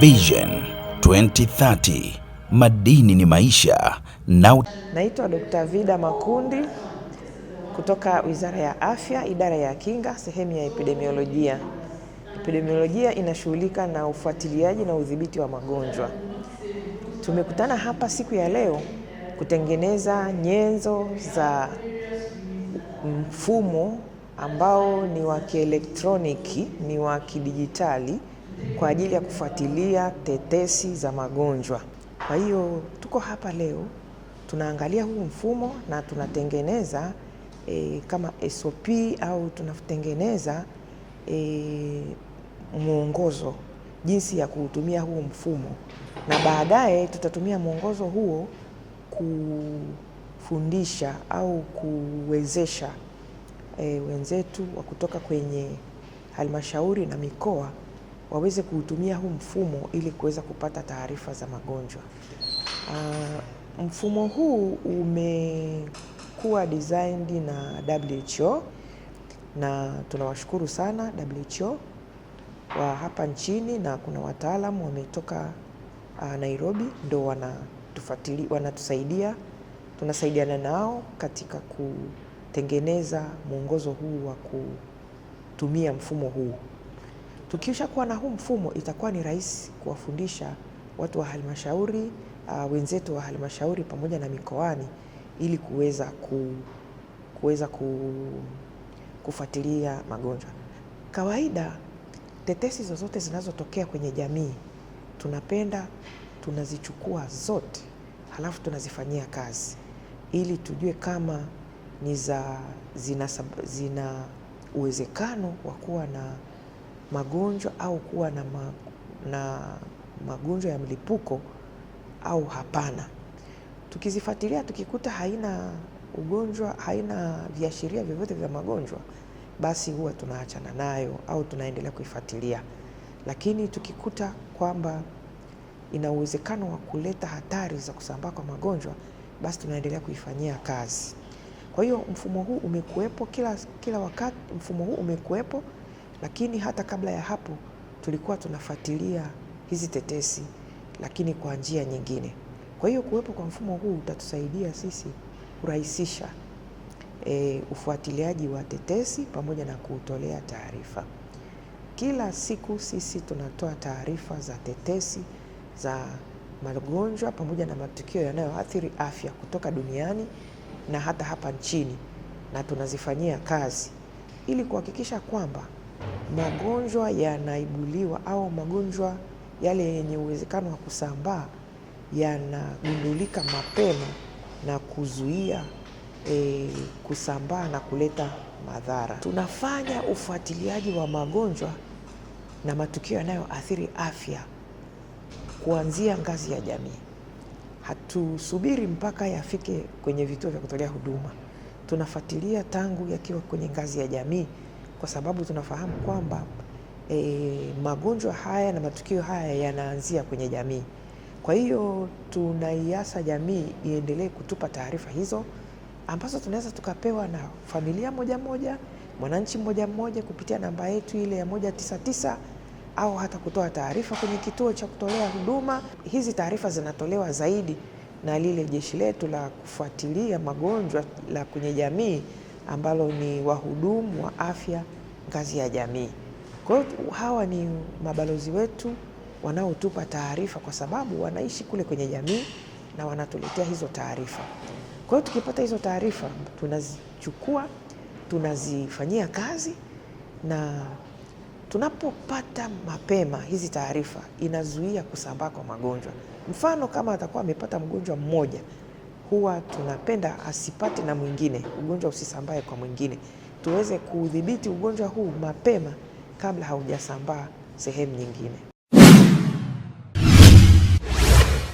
Vision 2030 madini ni maisha. Na naitwa Dr. Vida Makundi kutoka Wizara ya Afya, idara ya kinga, sehemu ya epidemiolojia. Epidemiolojia inashughulika na ufuatiliaji na udhibiti wa magonjwa. Tumekutana hapa siku ya leo kutengeneza nyenzo za mfumo ambao ni wa kielektroniki, ni wa kidijitali kwa ajili ya kufuatilia tetesi za magonjwa. Kwa hiyo tuko hapa leo tunaangalia huu mfumo na tunatengeneza e, kama SOP au tunatengeneza e, mwongozo jinsi ya kuutumia huu mfumo, na baadaye tutatumia mwongozo huo kufundisha au kuwezesha e, wenzetu wa kutoka kwenye halmashauri na mikoa waweze kuutumia huu mfumo ili kuweza kupata taarifa za magonjwa. Uh, mfumo huu umekuwa designed na WHO na tunawashukuru sana WHO wa hapa nchini na kuna wataalamu wametoka uh, Nairobi ndo wanatufuatilia, wanatusaidia, tunasaidiana nao katika kutengeneza mwongozo huu wa kutumia mfumo huu. Tukisha kuwa na huu mfumo, itakuwa ni rahisi kuwafundisha watu wa halmashauri uh, wenzetu wa halmashauri pamoja na mikoani ili kuweza ku, kuweza ku, kufuatilia magonjwa. Kawaida tetesi zozote zinazotokea kwenye jamii tunapenda tunazichukua zote, halafu tunazifanyia kazi ili tujue kama ni za zina, zina uwezekano wa kuwa na magonjwa au kuwa na, ma, na magonjwa ya mlipuko au hapana. Tukizifuatilia tukikuta haina ugonjwa, haina viashiria vyovyote vya magonjwa, basi huwa tunaachana nayo au tunaendelea kuifuatilia, lakini tukikuta kwamba ina uwezekano wa kuleta hatari za kusambaa kwa magonjwa, basi tunaendelea kuifanyia kazi. Kwa hiyo mfumo huu umekuwepo kila, kila wakati, mfumo huu umekuwepo lakini hata kabla ya hapo tulikuwa tunafuatilia hizi tetesi, lakini kwa njia nyingine. Kwa hiyo kuwepo kwa mfumo huu utatusaidia sisi kurahisisha e, ufuatiliaji wa tetesi pamoja na kutolea taarifa. Kila siku sisi tunatoa taarifa za tetesi za magonjwa pamoja na matukio yanayoathiri afya kutoka duniani na hata hapa nchini, na tunazifanyia kazi ili kuhakikisha kwamba magonjwa yanaibuliwa au magonjwa yale yenye uwezekano wa kusambaa yanagundulika mapema na kuzuia e, kusambaa na kuleta madhara. Tunafanya ufuatiliaji wa magonjwa na matukio yanayoathiri afya kuanzia ngazi ya jamii. Hatusubiri mpaka yafike kwenye vituo vya kutolea huduma, tunafuatilia tangu yakiwa kwenye ngazi ya jamii kwa sababu tunafahamu kwamba e, magonjwa haya na matukio haya yanaanzia kwenye jamii. Kwa hiyo tunaiasa jamii iendelee kutupa taarifa hizo ambazo tunaweza tukapewa na familia moja moja, mwananchi mmoja mmoja, kupitia namba yetu ile ya moja tisa tisa au hata kutoa taarifa kwenye kituo cha kutolea huduma. Hizi taarifa zinatolewa zaidi na lile jeshi letu la kufuatilia magonjwa la kwenye jamii ambalo ni wahudumu wa afya ngazi ya jamii. Kwa hiyo hawa ni mabalozi wetu wanaotupa taarifa, kwa sababu wanaishi kule kwenye jamii na wanatuletea hizo taarifa. Kwa hiyo tukipata hizo taarifa tunazichukua, tunazifanyia kazi, na tunapopata mapema hizi taarifa inazuia kusambaa kwa magonjwa. Mfano, kama atakuwa amepata mgonjwa mmoja huwa tunapenda asipate na mwingine, ugonjwa usisambae kwa mwingine, tuweze kuudhibiti ugonjwa huu mapema kabla haujasambaa sehemu nyingine.